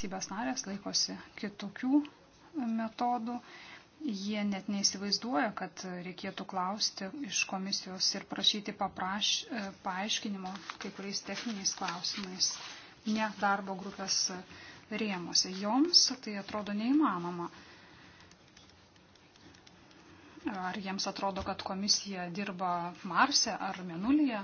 valstybės narės laikosi kitokių metodų. Jie net neįsivaizduoja, kad reikėtų klausti iš komisijos ir prašyti papraš, paaiškinimo kai kuriais techniniais klausimais ne darbo grupės rėmose. Joms tai atrodo neįmanoma. Ar jiems atrodo, kad komisija dirba Marse ar Menulyje?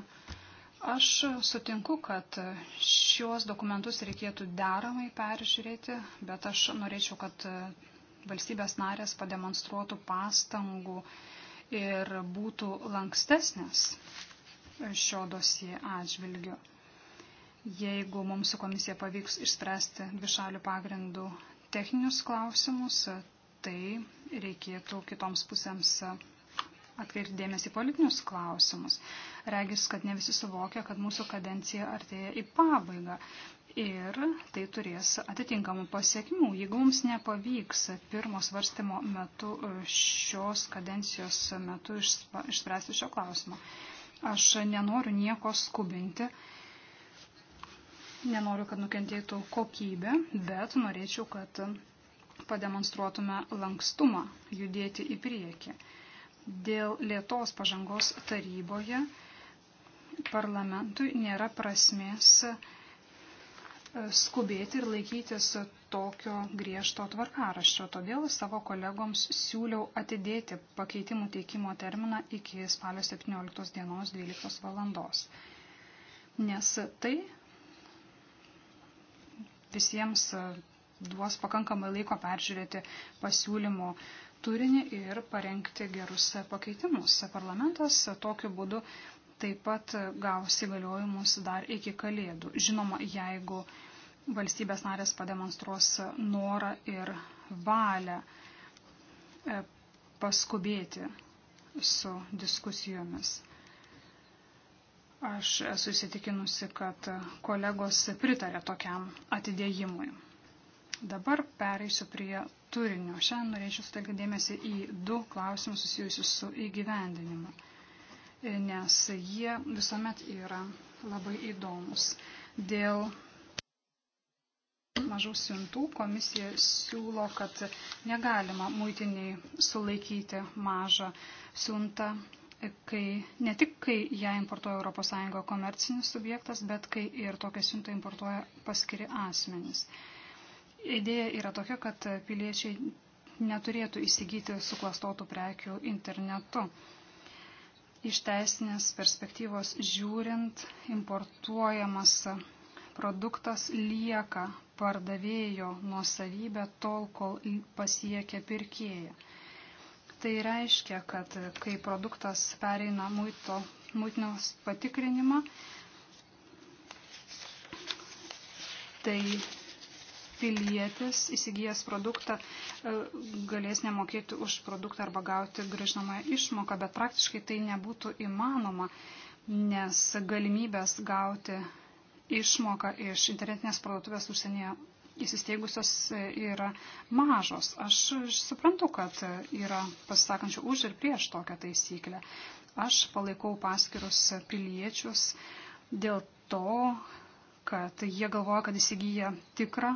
Aš sutinku, kad šios dokumentus reikėtų deramai peržiūrėti, bet aš norėčiau, kad valstybės narės pademonstruotų pastangų ir būtų lankstesnės šio dosie atžvilgiu. Jeigu mums su komisija pavyks išspręsti dvišalių pagrindų techninius klausimus, tai reikėtų kitoms pusėms atkreipti dėmesį politinius klausimus. Regis, kad ne visi suvokia, kad mūsų kadencija artėja į pabaigą. Ir tai turės atitinkamų pasiekmių. Jeigu mums nepavyks pirmo svarstymo metu e, šios kadencijos metu išspręsti šio klausimo, aš nenoriu nieko skubinti. Nenoriu, kad nukentėtų kokybė, bet norėčiau, kad pademonstruotume lankstumą judėti į priekį dėl lėtos pažangos taryboje parlamentui nėra prasmės e, skubėti ir laikytis tokio griežto tvarkaraščio. Todėl savo kolegoms siūliau atidėti pakeitimų teikimo terminą iki spalio 17 dienos 12 valandos. Nes tai visiems e, duos pakankamai laiko peržiūrėti pasiūlymo uh, turinį ir parengti gerus pakeitimus. Parlamentas tokiu būdu taip pat gaus įgaliojimus dar iki kalėdų. Žinoma, jeigu valstybės narės pademonstruos norą ir valią e, paskubėti su diskusijomis. Aš esu įsitikinusi, kad kolegos pritarė tokiam atidėjimui. Dabar pereisiu prie turinio. Šiandien norėčiau sutelkti dėmesį į du klausimus susijusius su įgyvendinimu, nes jie visuomet yra labai įdomus. Dėl mažų siuntų komisija siūlo, kad negalima muitiniai sulaikyti mažą siuntą, kai, ne tik kai ją importuoja ES komercinis subjektas, bet kai ir tokią siuntą importuoja paskiri asmenys. Idėja yra tokia, kad piliečiai neturėtų įsigyti suklastotų prekių internetu. Iš teisinės perspektyvos žiūrint, importuojamas produktas lieka pardavėjo nuosavybė tol, kol pasiekia pirkėją. Tai reiškia, kad kai produktas pereina muito, muitinios patikrinimą, tai pilietis įsigijęs produktą e, galės nemokėti už produktą arba gauti grįžtamą išmoką, bet praktiškai tai nebūtų įmanoma, nes galimybės gauti išmoką iš internetinės parduotuvės užsienyje įsisteigusios e, yra mažos. Aš suprantu, kad yra pasisakančių už ir prieš tokią taisyklę. Aš palaikau paskirus piliečius dėl to, kad jie galvoja, kad įsigyja tikrą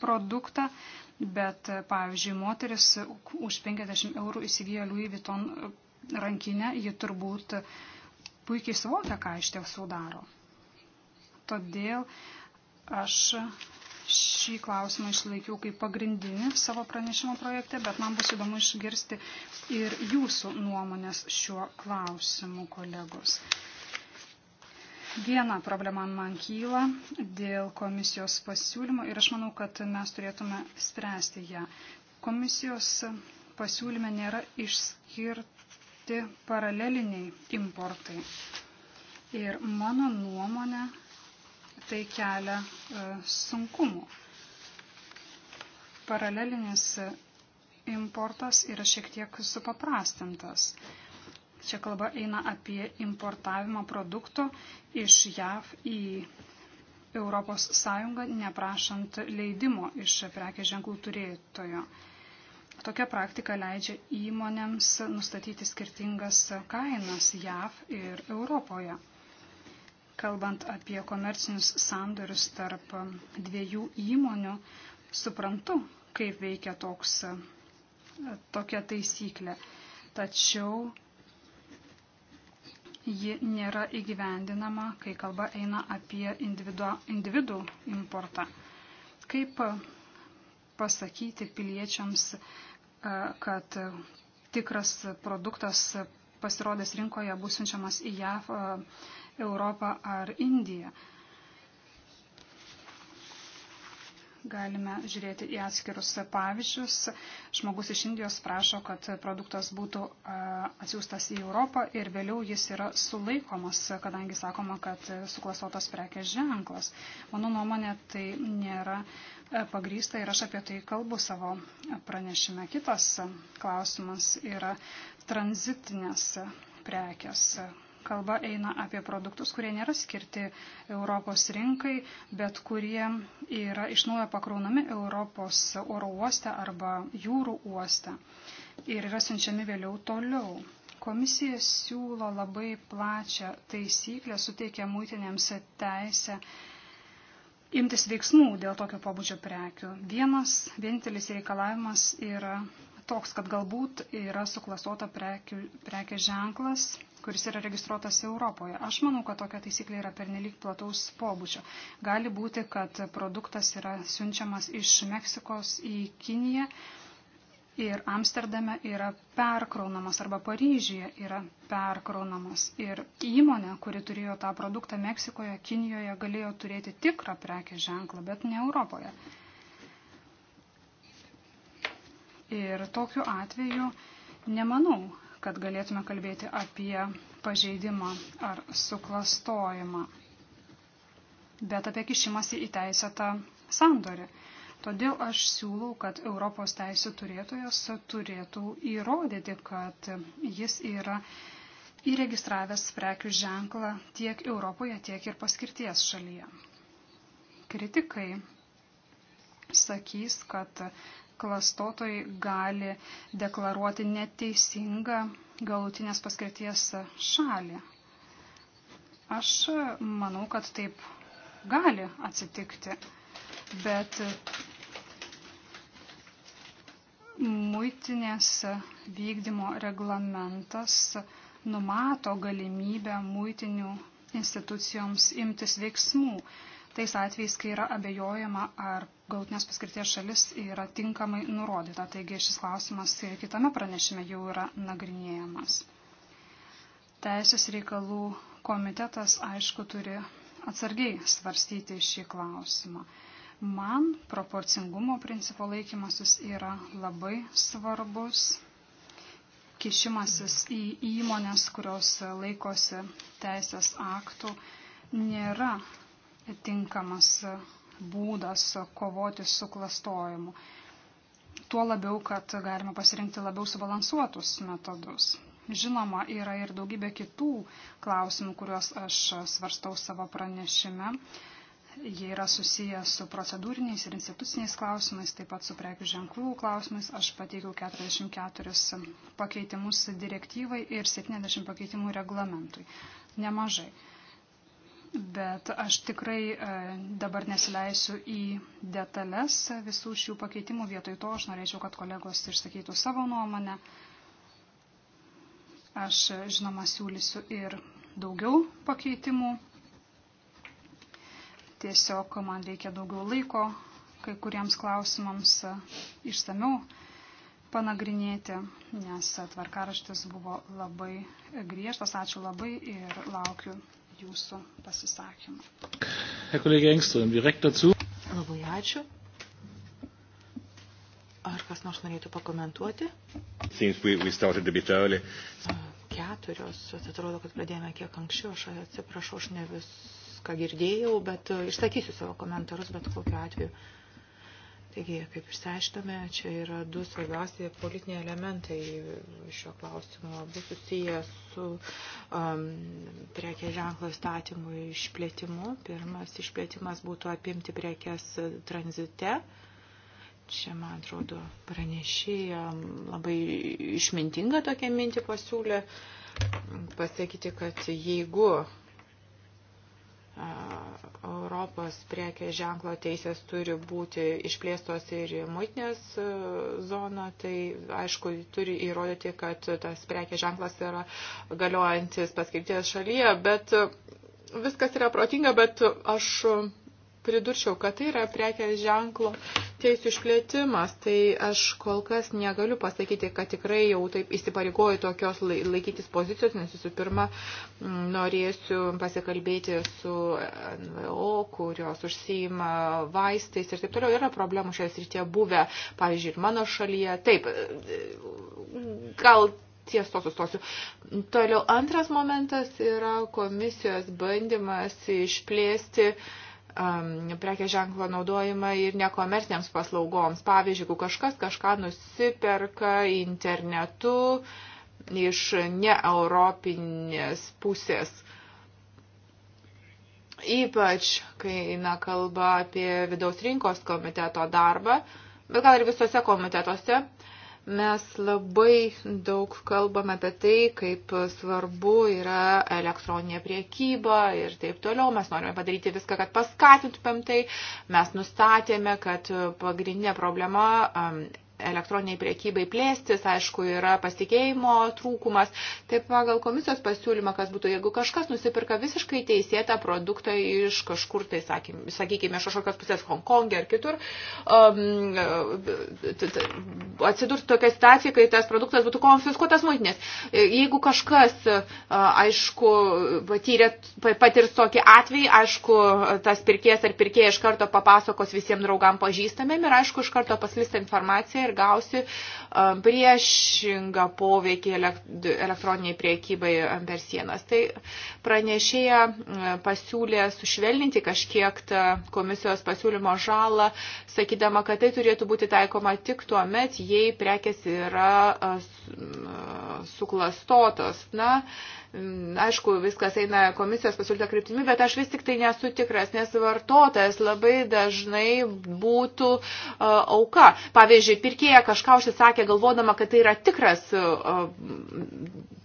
produktą, bet, pavyzdžiui, moteris už 50 eurų įsigijo Louis Vuitton e, rankinę, ji turbūt puikiai suvokia, ką iš tiesų daro. Todėl aš šį klausimą išlaikiau kaip pagrindinį savo pranešimo projekte, bet man bus įdomu išgirsti ir jūsų nuomonės šiuo klausimu, kolegos. Viena problema man kyla dėl komisijos pasiūlymo ir aš manau, kad mes turėtume spręsti ją. Komisijos pasiūlyme nėra išskirti paraleliniai importai. Ir mano nuomonė tai kelia e, sunkumų. Paralelinis importas yra šiek tiek supaprastintas. Čia kalba eina apie importavimą produktų iš JAV į ES neprašant leidimo iš prekės ženklų turėtojo. Tokia praktika leidžia įmonėms nustatyti skirtingas kainas JAV ir Europoje. Kalbant apie komercinius sandorius tarp dviejų įmonių, suprantu, kaip veikia toks, tokia taisyklė. Tačiau ji nėra įgyvendinama, kai kalba eina apie individu, individų importą. Kaip pasakyti piliečiams, e, kad tikras produktas pasirodęs rinkoje bus siunčiamas į JAV, e, Europą ar Indiją? Galime žiūrėti į atskirus pavyzdžius. Žmogus iš Indijos prašo, kad produktas būtų atsiųstas į Europą ir vėliau jis yra sulaikomas, kadangi sakoma, kad suklastotas prekės ženklas. Mano nuomonė, tai nėra pagrysta ir aš apie tai kalbu savo pranešime. Kitas klausimas yra tranzitinės prekės kalba eina apie produktus, kurie nėra skirti Europos rinkai, bet kurie yra iš naujo pakraunami Europos oro uoste arba jūrų uoste ir yra siunčiami vėliau toliau. Komisija siūlo labai plačią taisyklę, suteikia muitinėms teisę imtis veiksmų dėl tokio pabudžio prekių. Vienas, vienintelis reikalavimas yra toks, kad galbūt yra suklastota prekių, prekės ženklas, kuris yra registruotas Europoje. Aš manau, kad tokia taisyklė yra pernelyg plataus pobūdžio. Gali būti, kad produktas yra siunčiamas iš Meksikos į Kiniją ir Amsterdame yra perkraunamas arba Paryžyje yra perkraunamas. Ir įmonė, kuri turėjo tą produktą Meksikoje, Kinijoje galėjo turėti tikrą prekės ženklą, bet ne Europoje. Ir tokiu atveju nemanau, kad galėtume kalbėti apie pažeidimą ar suklastojimą, bet apie kišimąsi į teisėtą sandorį. Todėl aš siūlau, kad Europos teisų turėtojas turėtų įrodyti, kad jis yra įregistravęs prekių ženklą tiek Europoje, tiek ir paskirties šalyje. Kritikai sakys, kad klastotojai gali deklaruoti neteisingą galutinės paskirties šalį. Aš manau, kad taip gali atsitikti, bet muitinės vykdymo reglamentas numato galimybę muitinių institucijoms imtis veiksmų tais atvejais, kai yra abejojama, ar gautinės paskirties šalis yra tinkamai nurodyta. Taigi šis klausimas ir kitame pranešime jau yra nagrinėjamas. Teisės reikalų komitetas, aišku, turi atsargiai svarstyti šį klausimą. Man proporcingumo principo laikymasis yra labai svarbus kišimasis į įmonės, kurios laikosi teisės aktų, nėra tinkamas būdas kovoti su klastojimu. Tuo labiau, kad galima pasirinkti labiau subalansuotus metodus. Žinoma, yra ir daugybė kitų klausimų, kuriuos aš svarstau savo pranešime. Jie yra susiję su procedūriniais ir instituciniais klausimais, taip pat su prekių ženklų klausimais. Aš pateikiau 44 pakeitimus direktyvai ir 70 pakeitimų reglamentui. Nemažai bet aš tikrai e, dabar nesileisiu į detalės visų šių pakeitimų. Vietoj to aš norėčiau, kad kolegos išsakytų savo nuomonę. Aš, e, žinoma, siūlysiu ir daugiau pakeitimų. Tiesiog man reikia daugiau laiko kai kuriems klausimams e, išsamiau panagrinėti, nes tvarkaraštis buvo labai griežtas. Ačiū labai ir laukiu jūsų pasisakymą. Labai ačiū. Ar kas nors norėtų pakomentuoti? We, we Keturios, atrodo, kad pradėjome kiek anksčiau, aš atsiprašau, aš ne viską girdėjau, bet e, išsakysiu savo komentarus, bet kokiu atveju. Uh, Taigi, kaip išsiaiškame, čia yra du svarbiausi politiniai elementai šio klausimo. Abu susiję su um, prekės ženklo įstatymų išplėtimu. Pirmas išplėtimas būtų apimti prekės tranzite. Čia, man atrodo, pranešėja labai išmintinga tokia mintį pasiūlė pasakyti, kad jeigu Europos prekės ženklo teisės turi būti išplėstos ir į muitinės e, zoną, tai aišku, turi įrodyti, kad tas prekės ženklas yra galiojantis paskirties šalyje, bet viskas yra protinga, bet aš pridurčiau, kad tai yra prekės ženklo teisų išplėtimas, tai aš kol kas negaliu pasakyti, kad tikrai jau taip įsipareigoju tokios laikytis pozicijos, nes visų pirma mm, norėsiu pasikalbėti su NVO, kurios užsijima vaistais ir taip toliau. Yra problemų šioje srityje buvę, pavyzdžiui, ir mano šalyje. Taip, gal ties to sustosiu. Toliau antras momentas yra komisijos bandymas išplėsti uh, Um, prekės ženklo naudojimą ir nekomertiniams paslaugoms. Pavyzdžiui, jeigu kažkas kažką nusiperka internetu iš neeuropinės pusės. Ypač, kai eina kalba apie vidaus rinkos komiteto darbą, bet gal ir visose komitetuose, uh, Mes labai daug kalbame apie tai, kaip svarbu yra elektroninė priekyba ir taip toliau. Mes norime padaryti viską, kad paskatintumėm tai. Mes nustatėme, kad pagrindinė problema elektroniniai priekybai plėstis, aišku, yra pasitikėjimo trūkumas. Taip pagal komisijos pasiūlymą, kas būtų, jeigu kažkas nusipirka visiškai teisėtą produktą iš kažkur, tai sakykime, iš kažkokios pusės Hongkongė ar kitur, um, atsidurs tokia situacija, kai tas produktas būtų konfiskuotas muitinės. Jeigu kažkas, uh, aišku, patyrė, patirs tokį atvejį, aišku, tas pirkėjas ar pirkėjas iš karto papasakos visiems draugam pažįstamėm ir, aišku, iš karto paslista informacija ir gausi um, priešingą poveikį elektroniniai priekybai um, per sienas. Tai pranešėja um, pasiūlė sušvelninti kažkiek tą komisijos pasiūlymo žalą, sakydama, kad tai turėtų būti taikoma tik tuo met, jei prekes yra uh, uh, suklastotos. Na, Mm, aišku, viskas eina komisijos pasiūlytą kryptimį, bet aš vis tik tai nesu tikras, nes vartotojas labai dažnai būtų uh, auka. Pavyzdžiui, pirkėja kažką užsisakė galvodama, kad tai yra tikras uh,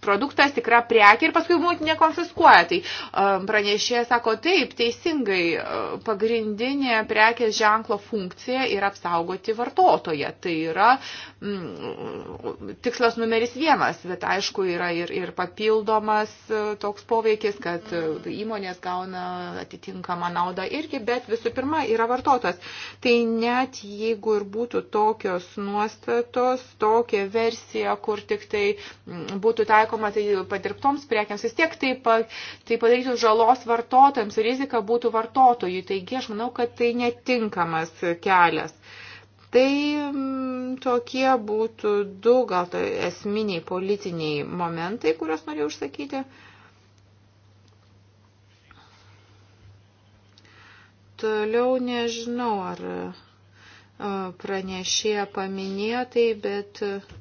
produktas, tikra prekė ir paskui muitinė konfiskuoja. Tai um, pranešėjas sako, taip, teisingai, uh, pagrindinė prekės ženklo funkcija yra apsaugoti vartotoje. Tai yra m, mm, tikslas numeris vienas, bet aišku yra ir, ir papildomas uh, toks poveikis, kad uh, įmonės gauna atitinkamą naudą irgi, bet visų pirma yra vartotojas. Tai net jeigu ir būtų tokios nuostatos, tokia versija, kur tik tai mm, būtų taikoma taikoma tai padirbtoms prekiams, vis tiek tai, pa, tai padarytų žalos vartotojams, rizika būtų vartotojų. Taigi aš manau, kad tai netinkamas kelias. Tai m, mm, tokie būtų du gal tai esminiai politiniai momentai, kuriuos norėjau užsakyti. Toliau nežinau, ar pranešėja paminėjo tai, bet. Uh,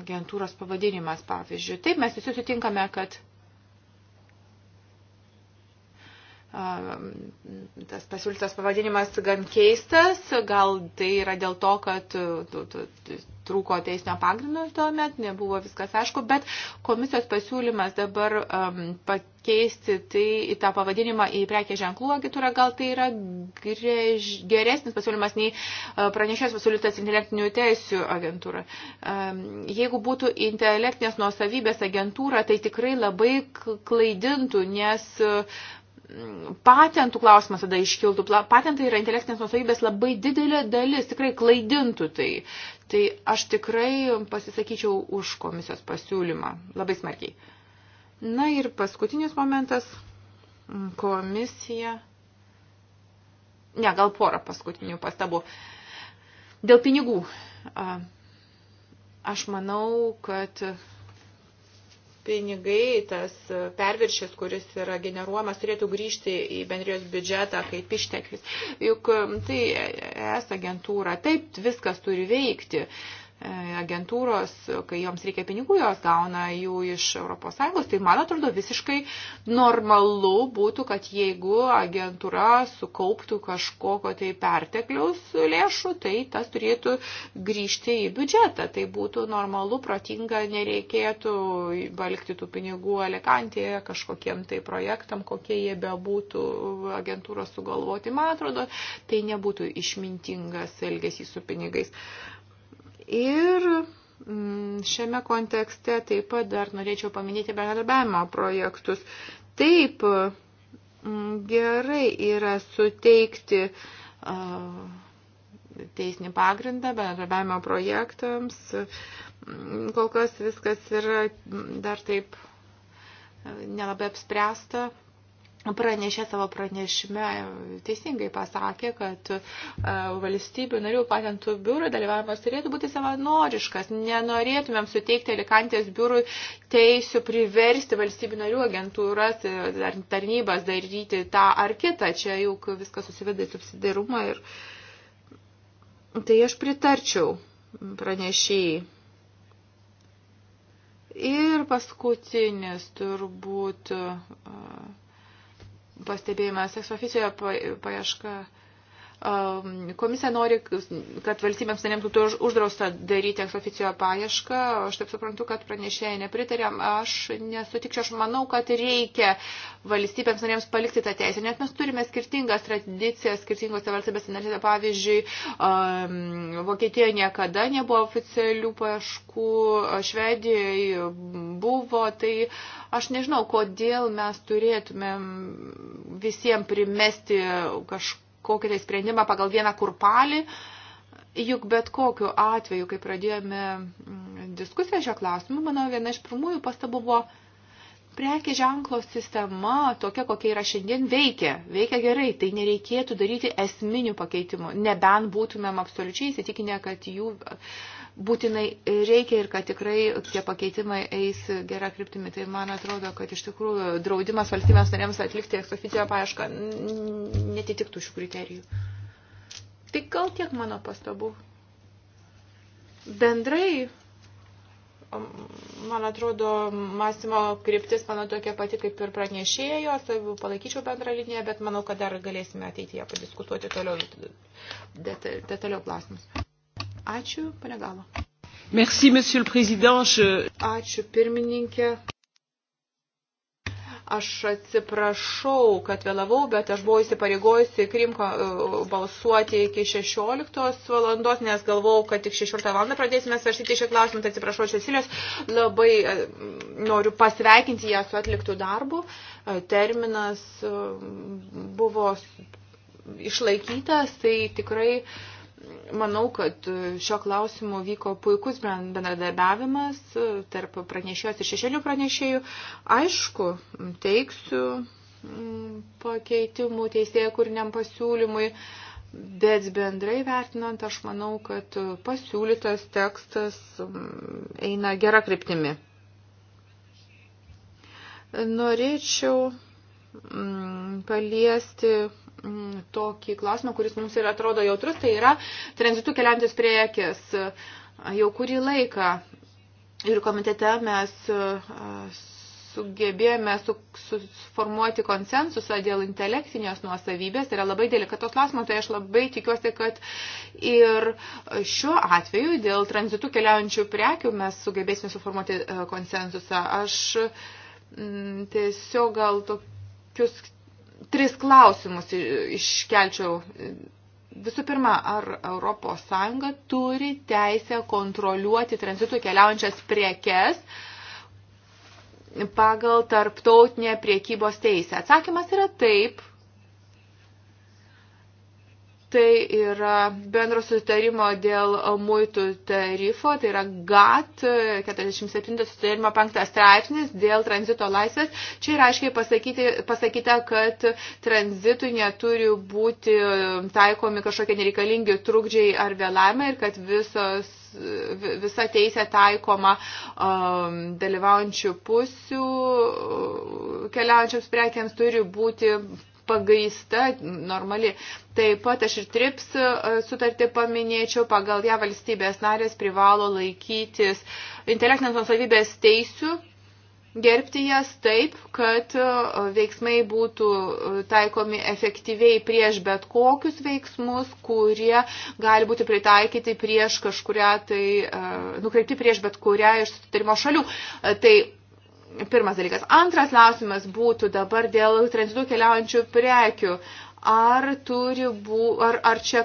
agentūros pavadinimas, pavyzdžiui. Taip, mes visi sutinkame, kad tas pasiūlytas pavadinimas gan keistas, gal tai yra dėl to, kad trūko teisinio pagrindo tuomet, nebuvo viskas aišku, bet komisijos pasiūlymas dabar um, pakeisti tai į tą pavadinimą į prekė ženklų agitūrą, gal tai yra grež, geresnis pasiūlymas nei uh, pranešės pasiūlytas intelektinių teisių agentūra. Um, jeigu būtų intelektinės nuosavybės agentūra, tai tikrai labai klaidintų, nes uh, patentų klausimas tada iškiltų. Patentai yra intelektinės nusavybės labai didelė dalis, tikrai klaidintų tai. Tai aš tikrai pasisakyčiau už komisijos pasiūlymą labai smarkiai. Na ir paskutinis momentas. Komisija. Ne, gal porą paskutinių pastabų. Dėl pinigų. Aš manau, kad pinigai, tas perviršis, kuris yra generuojamas, turėtų grįžti į bendrijos biudžetą kaip išteklis. Juk e, tai e, e, es agentūra, taip viskas turi veikti. Uh, E, agentūros, kai joms reikia pinigų, jos gauna jų iš ES, tai man atrodo visiškai normalu būtų, kad jeigu agentūra sukauptų kažkokio tai pertekliaus lėšų, tai tas turėtų grįžti į biudžetą. Tai būtų normalu, protinga, nereikėtų valgti tų pinigų elegantėje kažkokiem tai projektam, kokie jie bebūtų agentūros sugalvoti. Man atrodo, tai nebūtų išmintingas elgesys su pinigais. Uh, Ir mm, šiame kontekste taip pat dar norėčiau paminėti bendradarbiavimo projektus. Taip, mm, gerai yra suteikti teisinį pagrindą bendradarbiavimo projektams. Mm, kol kas viskas yra dar taip nelabai apspręsta, pranešė savo pranešime, teisingai pasakė, kad e, valstybių narių patentų biurų dalyvavimas turėtų būti savanoriškas. Nenorėtumėm suteikti Alikantės biurui teisių priversti valstybių narių agentūras e, ar tarnybas daryti tą ar kitą. Čia juk viskas susiveda į subsidarumą ir tai aš pritarčiau pranešėjai. Ir paskutinis turbūt e, pastebėjimas, eksoficijoje paieška. Pa Komisija nori, kad valstybėms narėms būtų uždrausta daryti eksoficijo paiešką. Aš taip suprantu, kad pranešėjai nepritarėm. Aš nesutikčiau, aš manau, kad reikia valstybėms narėms palikti tą teisę. Net mes turime skirtingas tradicijas skirtingose valstybėse narėse. Pavyzdžiui, Vokietijoje niekada nebuvo oficialių paieškų, Švedijoje buvo. Tai aš nežinau, kodėl mes turėtumėm visiems primesti kažką kokį tai sprendimą pagal vieną kurpalį. Juk bet kokiu atveju, kai pradėjome mm, diskusiją šio klausimu, mano viena iš pirmųjų pastabų buvo, prekė ženklo sistema, tokia kokia yra šiandien, veikia, veikia gerai, tai nereikėtų daryti esminių pakeitimų, nebent būtumėm absoliučiai įsitikinę, kad jų uh, būtinai reikia ir kad tikrai tie pakeitimai eis gerą kryptimį. Tai man atrodo, kad iš tikrųjų draudimas valstybės narėms atlikti eksoficijo paiešką netitiktų šių kriterijų. Tai gal tiek mano pastabų. Bendrai, man atrodo, mąstymo kryptis mano tokia pati kaip ir pranešėjos, tai palaikyčiau bendrą liniją, bet manau, kad dar galėsime ateityje padiskutuoti toliau detaliau klausimus. Ačiū, pane Galo. Merci, monsieur le président. Je... Ačiū, pirmininkė. Aš atsiprašau, kad vėlavau, bet aš buvau įsipareigojusi Krimko balsuoti iki 16 valandos, nes galvau, kad tik 16 valandą pradėsime svarstyti šį klausimą. Tai atsiprašau, Česilės, labai e, noriu pasveikinti ją su atliktų darbu. E, terminas e, buvo išlaikytas, tai tikrai uh, Manau, kad šio klausimu vyko puikus bendradarbiavimas e, tarp pranešėjos ir šešėlių pranešėjų. Aišku, teiksiu mm, pakeitimų teisėje kūriniam pasiūlymui, bet bendrai vertinant, aš manau, kad pasiūlytas tekstas mm, eina gera kryptimi. Norėčiau mm, paliesti m, mm, tokį klausimą, kuris mums ir atrodo jautrus, tai yra tranzitų keliantis priekis. Jau kurį laiką ir komitete mes uh, sugebėjome suformuoti konsensusą dėl intelektinės nuosavybės, tai yra labai delikatos klausimas, tai aš labai tikiuosi, kad ir šiuo atveju dėl tranzitų keliaujančių prekių mes sugebėsime suformuoti uh, konsensusą. Aš mm, tiesiog gal tokius tris klausimus iškelčiau. Visų pirma, ar Europos Sąjunga turi teisę kontroliuoti tranzitų keliaujančias priekes pagal tarptautinę priekybos teisę? Atsakymas yra taip, Tai yra bendro sutarimo dėl muitų tarifo, tai yra GAT 47 sutarimo 5 straipsnis dėl tranzito laisvės. Čia yra aiškiai pasakyti, pasakyta, kad tranzitui neturi būti taikomi kažkokie nereikalingi trukdžiai ar vėlavimai ir kad visos visa teisė taikoma um, dalyvaujančių pusių keliaujančiams prekiams turi būti pagaista, normali. Taip pat aš ir TRIPS e, sutartį paminėčiau, pagal ją valstybės narės privalo laikytis intelektinės nusavybės teisių, gerbti jas taip, kad e, veiksmai būtų e, taikomi efektyviai prieš bet kokius veiksmus, kurie gali būti pritaikyti prieš kažkuria, tai nukreipti prieš bet kurią iš sutarimo šalių. Tai pirmas dalykas. Antras klausimas būtų dabar dėl tranzitų keliaujančių prekių. Ar, turi bū, ar, ar čia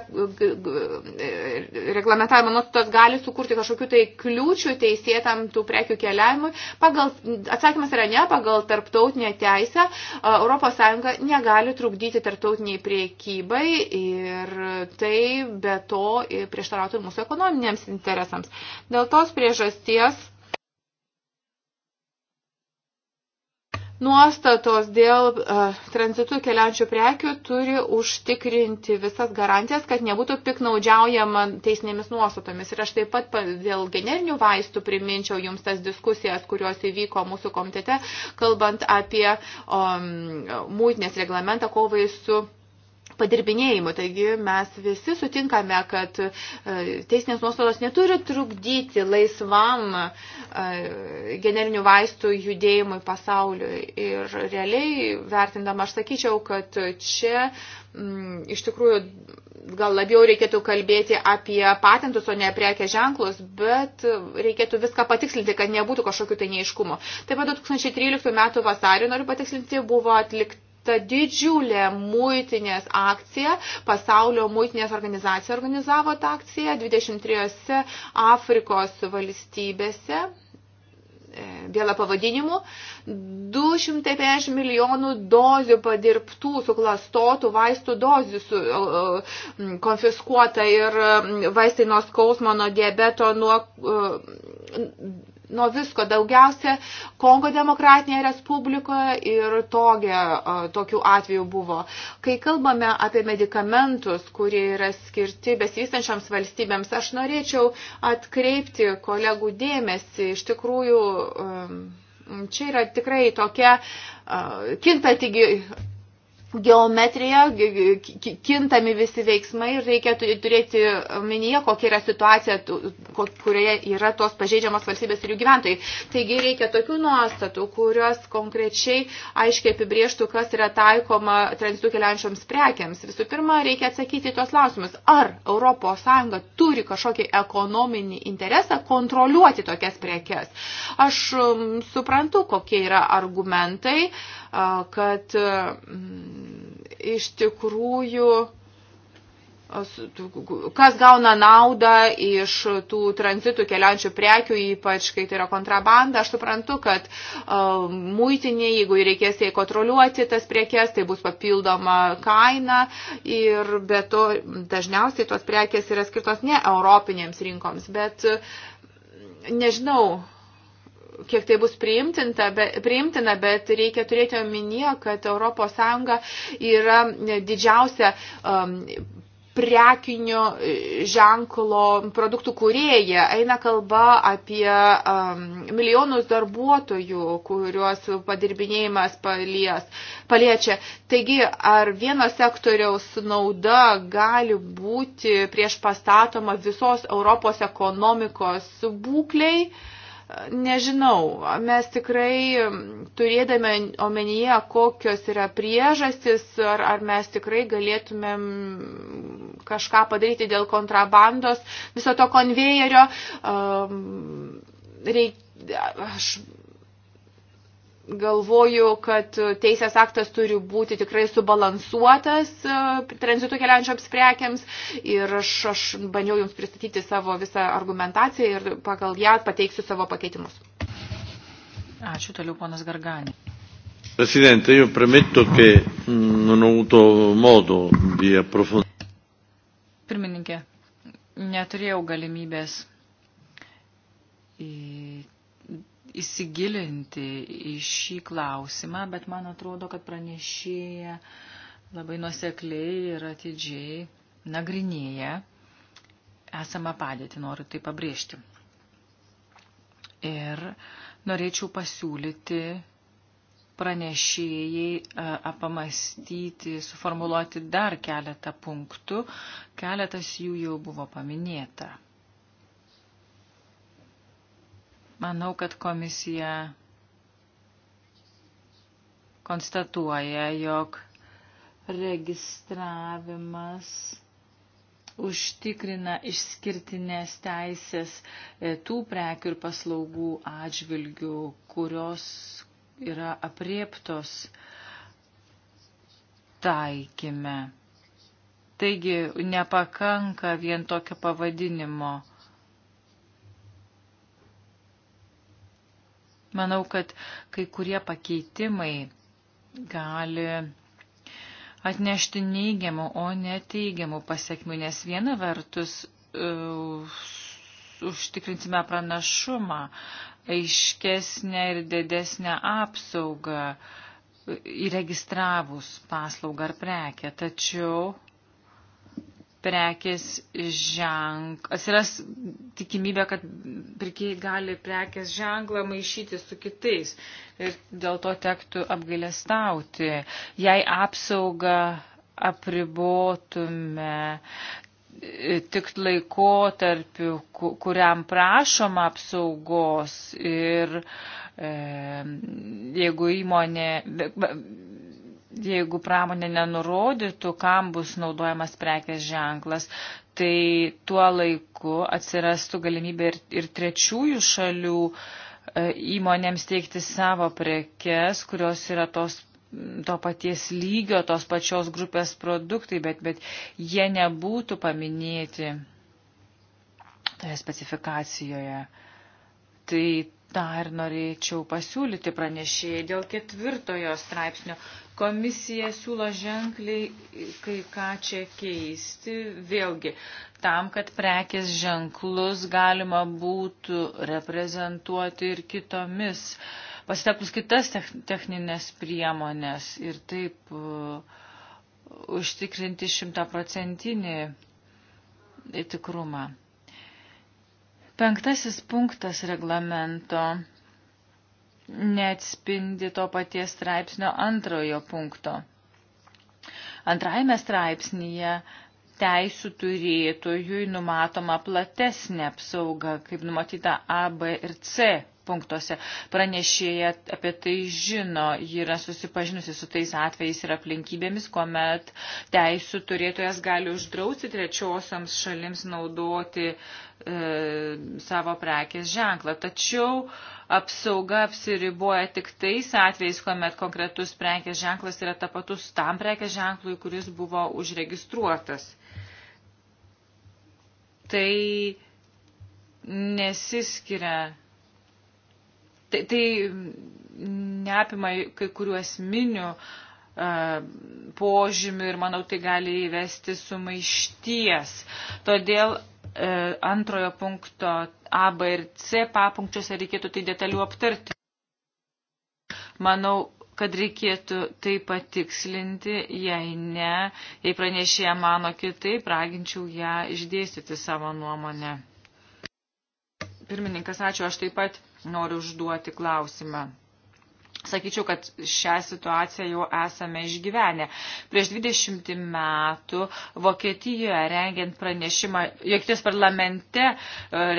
reglamentavimo nuostatos gali sukurti kažkokių tai kliūčių teisėtam tų prekių keliavimui? Pagal, atsakymas yra ne, pagal tarptautinę teisę ES negali trukdyti tarptautiniai priekybai ir tai be to prieštarautų ir mūsų ekonominiams interesams. Dėl tos priežasties nuostatos dėl uh, tranzitų keliančių prekių turi užtikrinti visas garantijas, kad nebūtų piknaudžiaujama teisinėmis nuostatomis. Ir aš taip pat dėl generinių vaistų priminčiau jums tas diskusijas, kurios įvyko mūsų komitete, kalbant apie um, mūtinės reglamentą kovai su padirbinėjimų. Taigi mes visi sutinkame, kad e, teisinės nuostatos neturi trukdyti laisvam e, generinių vaistų judėjimui pasauliui. Ir realiai vertindama aš sakyčiau, kad čia m, mm, iš tikrųjų gal labiau reikėtų kalbėti apie patentus, o ne prekės ženklus, bet reikėtų viską patikslinti, kad nebūtų kažkokių tai neiškumo. Taip pat 2013 m. vasarį, noriu patikslinti, buvo atlikta ta didžiulė muitinės akcija, pasaulio muitinės organizacija organizavo tą akciją 23 Afrikos valstybėse e, vėlą pavadinimu, 250 milijonų dozių padirbtų, suklastotų vaistų dozių su, uh, konfiskuota ir vaistai nuo skausmo, nuo diabeto, nuo uh, nuo visko daugiausia Kongo demokratinėje Respublikoje ir togia tokių atvejų buvo. Kai kalbame apie medikamentus, kurie yra skirti besivystančioms valstybėms, aš norėčiau atkreipti kolegų dėmesį. Iš tikrųjų, čia yra tikrai tokia kintati geometrija, kintami visi veiksmai ir reikia turėti minyje, kokia yra situacija, kurioje yra tos pažeidžiamos valstybės ir jų gyventojai. Taigi reikia tokių nuostatų, kurios konkrečiai aiškiai apibrieštų, kas yra taikoma tranzitų keliaujančioms prekiams. Visų pirma, reikia atsakyti į tos klausimus, ar ES turi kažkokį ekonominį interesą kontroliuoti tokias prekes. Aš suprantu, kokie yra argumentai. Uh, kad mm, iš tikrųjų kas gauna naudą iš tų tranzitų keliančių prekių, ypač kai tai yra kontrabanda. Aš suprantu, kad um, muitinė, jeigu reikės jai kontroliuoti tas prekes, tai bus papildoma kaina ir be to dažniausiai tos prekes yra skirtos ne europinėms rinkoms, bet mm, nežinau, kiek tai bus priimtina, be, priimtina bet reikia turėti omenyje, kad ES yra didžiausia um, prekinio ženklo produktų kūrėja. Eina kalba apie um, milijonus darbuotojų, kuriuos padirbinėjimas palies, paliečia. Taigi, ar vieno sektoriaus nauda gali būti prieš pastatoma visos Europos ekonomikos būkliai? Uh, Nežinau, mes tikrai turėdame omenyje, kokios yra priežastis, ar, ar mes tikrai galėtumėm kažką padaryti dėl kontrabandos, viso to konvejerio. Um, reik, aš galvoju, kad teisės aktas turi būti tikrai subalansuotas e, tranzitu keliančioms prekiams ir aš, aš bandžiau jums pristatyti savo visą argumentaciją ir pagal ją pateiksiu savo pakeitimus. Ačiū toliau, ponas Gargani. Presidente, io premetto che mm, non ho avuto modo di approfondire. Pirmininkė, neturėjau galimybės į įsigilinti į šį klausimą, bet man atrodo, kad pranešėja labai nuosekliai ir atidžiai nagrinėja esamą padėtį, noriu tai pabrėžti. Ir norėčiau pasiūlyti pranešėjai apamastyti, suformuluoti dar keletą punktų, keletas jų jau buvo paminėta. Manau, kad komisija konstatuoja, jog registravimas užtikrina išskirtinės teisės e, tų prekių ir paslaugų atžvilgių, kurios yra apriektos taikime. Taigi nepakanka vien tokio pavadinimo Manau, kad kai kurie pakeitimai gali atnešti neigiamų, o neteigiamų pasiekmių, nes viena vertus uh, užtikrinsime pranašumą, aiškesnę ir didesnę apsaugą e, įregistravus paslaugą ar prekę, tačiau prekės ženk, atsiras tikimybė, kad pirkėjai gali prekės ženklą maišyti su kitais ir dėl to tektų apgailestauti. Jei apsaugą apribotume e, tik laikotarpiu, kuriam prašoma apsaugos ir e, jeigu įmonė, jeigu pramonė nenurodytų, kam bus naudojamas prekės ženklas, tai tuo laiku atsirastų galimybė ir, ir trečiųjų šalių e, įmonėms teikti savo prekes, kurios yra tos to paties lygio, tos pačios grupės produktai, bet, bet jie nebūtų paminėti toje specifikacijoje. Tai tą ir norėčiau pasiūlyti pranešėjai dėl ketvirtojo straipsnio. Komisija siūlo ženkliai kai ką čia keisti, vėlgi, tam, kad prekės ženklus galima būtų reprezentuoti ir kitomis, pasitekus kitas techninės priemonės ir taip uh, užtikrinti šimtaprocentinį tikrumą. Penktasis punktas reglamento neatspindi to paties straipsnio antrojo punkto. Antrajame straipsnyje teisų turėtojui numatoma platesnė apsauga, kaip numatyta A, B ir C punktuose. Pranešėja apie tai žino, ji yra susipažinusi su tais atvejais ir aplinkybėmis, kuomet teisų turėtojas gali uždrausti trečiosiams šalims naudoti e, savo prekės ženklą. Tačiau apsauga apsiriboja tik tais atvejais, kuomet konkretus prekės ženklas yra tapatus tam prekės ženklui, kuris buvo užregistruotas. Tai nesiskiria tai, tai neapima kai kurių esminių e, požymių ir manau tai gali įvesti sumaišties. Todėl e, antrojo punkto A, B ir C papunkčiuose reikėtų tai detaliu aptarti. Manau, kad reikėtų tai patikslinti, jei ne, jei pranešėja mano kitaip, raginčiau ją išdėstyti savo nuomonę. Pirmininkas, ačiū, aš taip pat noriu užduoti klausimą. Sakyčiau, kad šią situaciją jau esame išgyvenę. Prieš 20 metų Vokietijoje rengiant pranešimą, Jokties parlamente e,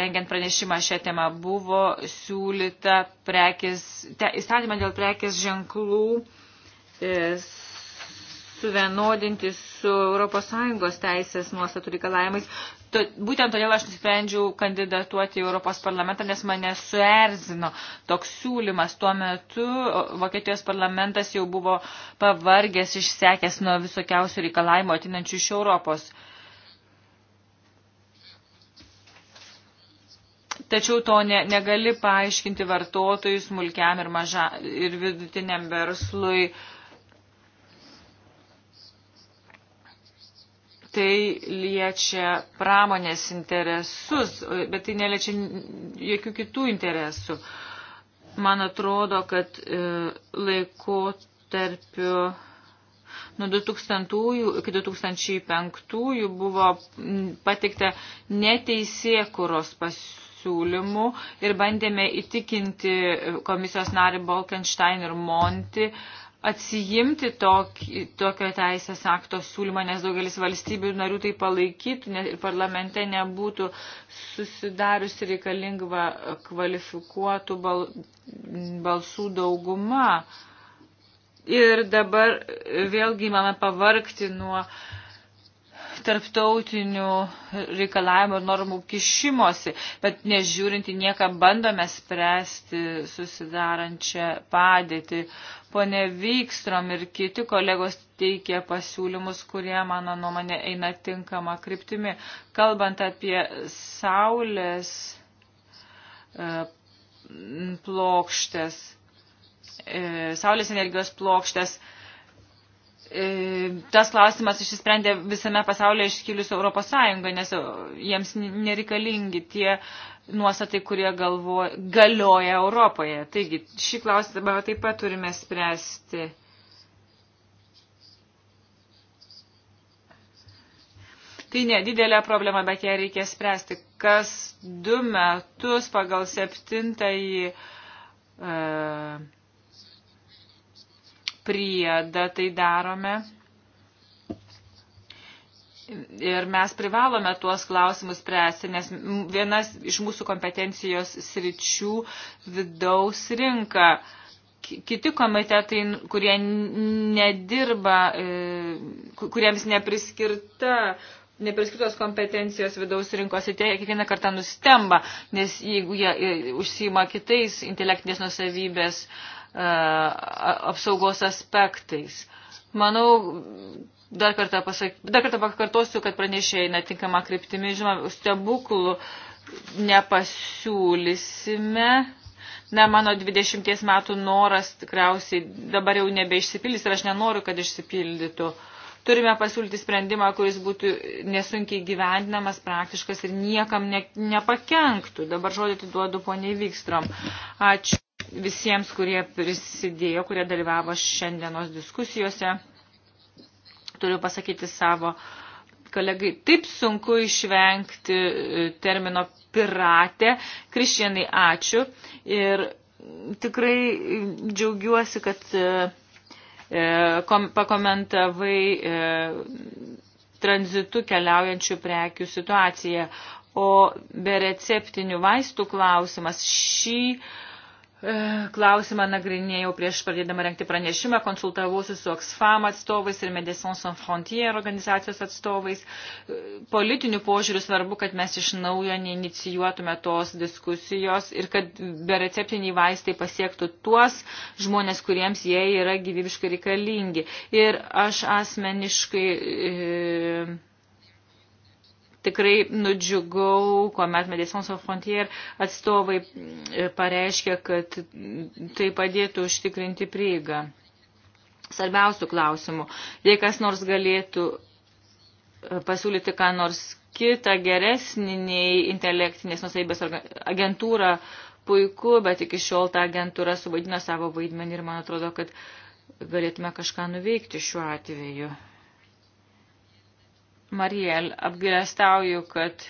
rengiant pranešimą šią temą buvo siūlyta prekis, te, įstatymą dėl prekės ženklų e, suvienodinti su ES teisės nuostatų reikalavimais to, būtent todėl aš nusprendžiau kandidatuoti į Europos parlamentą, nes mane suerzino toks siūlymas. Tuo metu Vokietijos parlamentas jau buvo pavargęs, išsekęs nuo visokiausių reikalavimų atinančių iš Europos. Tačiau to ne, negali paaiškinti vartotojui, smulkiam ir, maža, ir vidutiniam verslui. Uh, tai liečia pramonės interesus, bet tai neliečia jokių kitų interesų. Man atrodo, kad e, laikotarpiu nuo 2000 iki 2005 buvo pateikta neteisėkuros pasiūlymų ir bandėme įtikinti komisijos narį Bolkenstein ir Monti atsijimti tokį, tokio teisės akto siūlymą, nes daugelis valstybių narių tai palaikytų ne, ir parlamente nebūtų susidariusi reikalingva kvalifikuotų bal, balsų dauguma. Ir dabar vėlgi įmame pavarkti nuo uh, tarptautinių reikalavimų ir normų kišimosi, bet nežiūrinti nieką bandome spręsti susidarančią padėtį. Pone Vykstrom ir kiti kolegos teikė pasiūlymus, kurie, mano nuomonė, eina tinkama kryptimi. Kalbant apie saulės e, plokštės, e, saulės energijos plokštės, e, E, tas klausimas išsisprendė visame pasaulyje iškilius Europos Sąjungą, nes jiems nereikalingi tie nuostatai, kurie galvo, galioja Europoje. Taigi, šį klausimą taip pat turime spręsti. Tai nedidelė problema, bet ją reikia spręsti. Kas du metus pagal septintąjį uh, e, priedą tai darome. Ir mes privalome tuos klausimus spręsti, nes vienas iš mūsų kompetencijos sričių vidaus rinka. Kiti komitetai, kurie nedirba, e, kuriems nepriskirta nepriskirtos kompetencijos vidaus rinkos ir tai kiekvieną kartą nustemba, nes jeigu jie e, užsima kitais intelektinės nusavybės uh, E, apsaugos aspektais. Manau, dar kartą, pasak... dar kartą pakartosiu, kad pranešėjai netinkama kryptimi, žinoma, stebuklų nepasiūlysime. Na, mano 20 metų noras tikriausiai dabar jau nebeišsipildys ir aš nenoriu, kad išsipildytų. Turime pasiūlyti sprendimą, kuris būtų nesunkiai gyvendinamas, praktiškas ir niekam ne, nepakenktų. Dabar žodį duodu poniai Vykstrom. Ačiū visiems, kurie prisidėjo, kurie dalyvavo šiandienos diskusijose. Turiu pasakyti savo kolegai, taip sunku išvengti e, termino piratė. Krišienai, ačiū. Ir tikrai džiaugiuosi, kad e, e, kom, pakomentavai e, tranzitu keliaujančių prekių situaciją. O be receptinių vaistų klausimas šį E, klausimą nagrinėjau prieš pradėdama renkti pranešimą, konsultavausi su Oxfam atstovais ir Medecins Sans Frontier organizacijos atstovais. E, politiniu požiūriu svarbu, kad mes iš naujo neinicijuotume tos diskusijos ir kad bereceptiniai vaistai pasiektų tuos žmonės, kuriems jie yra gyvybiškai reikalingi. Ir aš asmeniškai. E, tikrai nudžiugau, kuomet Medicines of Frontier atstovai e, pareiškė, kad tai padėtų užtikrinti prieigą. Svarbiausių klausimų. Jei kas nors galėtų e, pasiūlyti ką nors kitą geresnį nei intelektinės nusaibės agentūrą, puiku, bet iki šiol ta agentūra suvaidino savo vaidmenį ir man atrodo, kad galėtume kažką nuveikti šiuo atveju. Marijel, apgailestauju, kad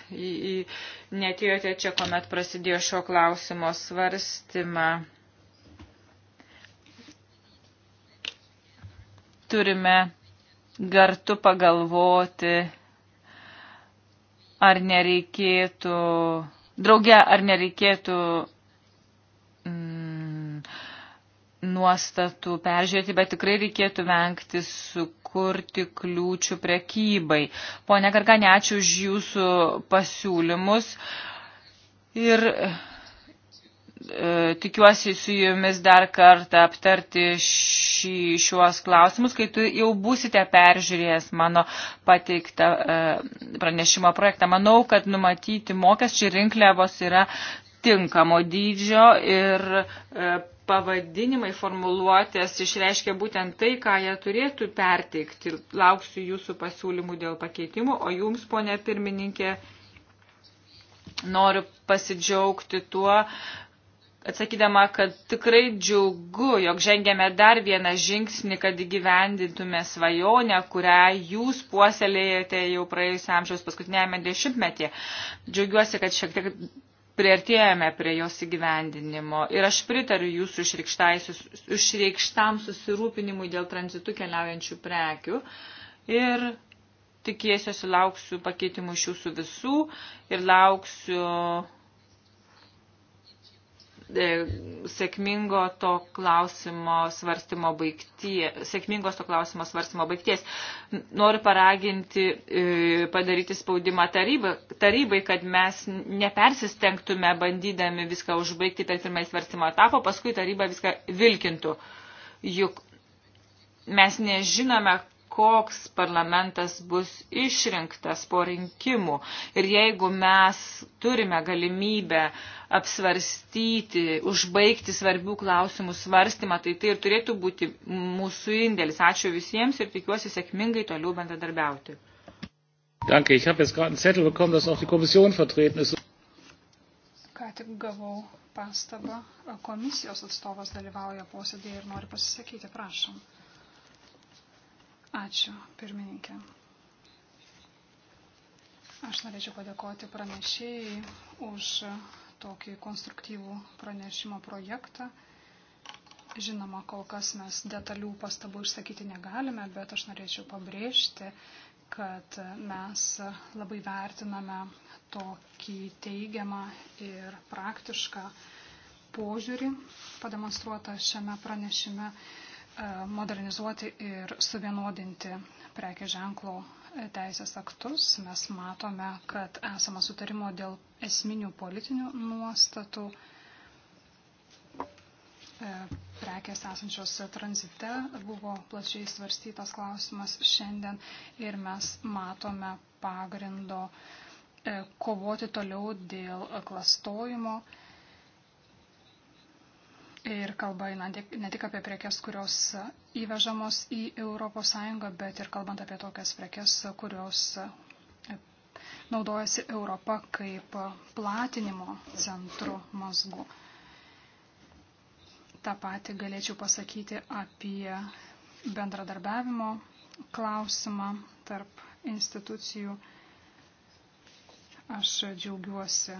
netėjote čia, kuomet prasidėjo šio klausimo svarstymą. Turime gartu pagalvoti, ar nereikėtų, drauge, ar nereikėtų mm, nuostatų peržiūrėti, bet tikrai reikėtų vengti su sukurti kliūčių prekybai. Pone Garganė, ačiū už jūsų pasiūlymus ir e, tikiuosi su jumis dar kartą aptarti šį, šiuos klausimus, kai tu jau būsite peržiūrėjęs mano pateiktą e, pranešimo projektą. Manau, kad numatyti mokesčiai rinkliavos yra tinkamo dydžio ir e, pavadinimai formuluotės išreiškia būtent tai, ką jie turėtų perteikti. Lauksiu jūsų pasiūlymų dėl pakeitimų, o jums, ponė pirmininkė, noriu pasidžiaugti tuo, atsakydama, kad tikrai džiugu, jog žengėme dar vieną žingsnį, kad įgyvendintume svajonę, kurią jūs puoselėjate jau praėjusio amžiaus paskutinėme dešimtmetyje. Džiaugiuosi, kad šiek tiek prieartėjame prie jos įgyvendinimo ir aš pritariu jūsų išreikštam susirūpinimui dėl tranzitų keliaujančių prekių ir tikėsiuosi lauksiu pakeitimų iš jūsų visų ir lauksiu E, sėkmingo to klausimo svarstymo baigties. Sėkmingos to klausimo svarstymo baigties. Noriu paraginti e, padaryti spaudimą tarybai, tarybai, kad mes nepersistengtume bandydami viską užbaigti per pirmąjį svarstymo etapą, paskui taryba viską vilkintų. Juk mes nežinome, koks parlamentas bus išrinktas po rinkimų. Ir jeigu mes turime galimybę apsvarstyti, užbaigti svarbių klausimų svarstymą, tai tai ir turėtų būti mūsų indėlis. Ačiū visiems ir tikiuosi sėkmingai toliau bendradarbiauti. Danke, ich habe jetzt gerade einen Zettel bekommen, dass noch die Kommission vertreten ist. Ką tik gavau pastabą, komisijos atstovas dalyvauja posėdėje ir nori pasisakyti, prašom. Ačiū, pirmininkė. Aš norėčiau padėkoti pranešėjai už tokį konstruktyvų pranešimo projektą. Žinoma, kol kas mes detalių pastabų išsakyti negalime, bet aš norėčiau pabrėžti, kad mes labai vertiname tokį teigiamą ir praktišką požiūrį pademonstruotą šiame pranešime. E, modernizuoti ir suvienodinti prekė ženklo e, teisės aktus. Mes matome, kad esama sutarimo dėl esminių politinių nuostatų e, prekės esančios tranzite buvo plačiai svarstytas klausimas šiandien ir mes matome pagrindo kovoti toliau dėl klastojimo Ir kalba eina ne tik apie prekes, kurios įvežamos į ES, bet ir kalbant apie tokias prekes, kurios e, naudojasi Europa kaip platinimo centru mazgu. Ta pati galėčiau pasakyti apie bendradarbiavimo klausimą tarp institucijų. Aš džiaugiuosi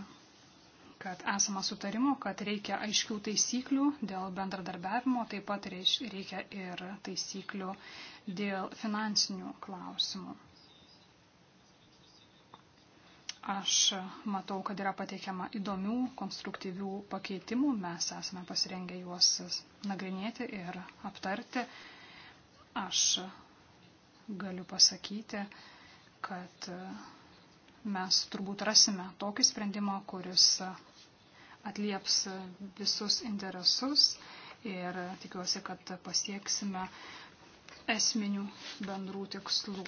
kad esama sutarimo, kad reikia aiškių taisyklių dėl bendradarbiavimo, taip pat reikia ir taisyklių dėl finansinių klausimų. Aš matau, kad yra pateikiama įdomių, konstruktyvių pakeitimų, mes esame pasirengę juos nagrinėti ir aptarti. Aš galiu pasakyti, kad mes turbūt rasime tokį sprendimą, kuris atlieps e, visus interesus ir tikiuosi, kad pasieksime esminių bendrų tikslų.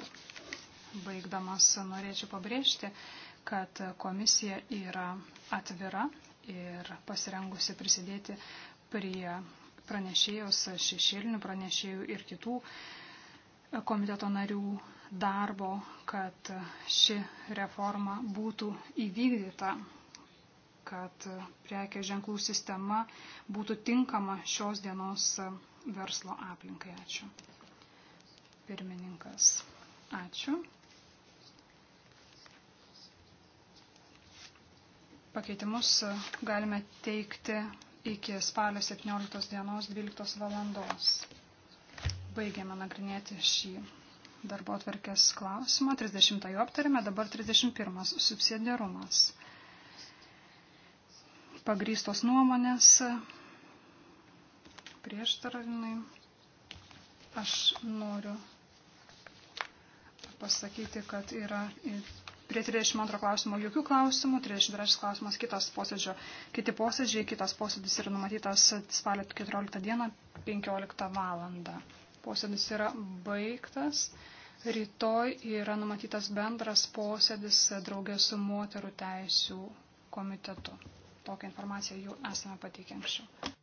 Baigdamas norėčiau pabrėžti, kad komisija yra atvira ir pasirengusi prisidėti prie pranešėjos, šešėlinių pranešėjų ir kitų komiteto narių darbo, kad ši reforma būtų įvykdyta kad prekės ženklų sistema būtų tinkama šios dienos verslo aplinkai. Ačiū. Pirmininkas. Ačiū. Pakeitimus galime teikti iki spalio 17 dienos 12 valandos. Baigiame nagrinėti šį darbo atverkės klausimą. 30 jau aptarėme, dabar 31 subsidiarumas pagrystos nuomonės, prieštaravimai. Aš noriu pasakyti, kad yra prie 32 klausimo jokių klausimų, 33 klausimas kitas posėdžio, kiti posėdžiai, kitas posėdis yra numatytas spalio 14 dieną 15 valandą. Posėdis yra baigtas. Rytoj yra numatytas bendras posėdis draugės su moterų teisų komitetu tokią informaciją jau esame pateikę anksčiau.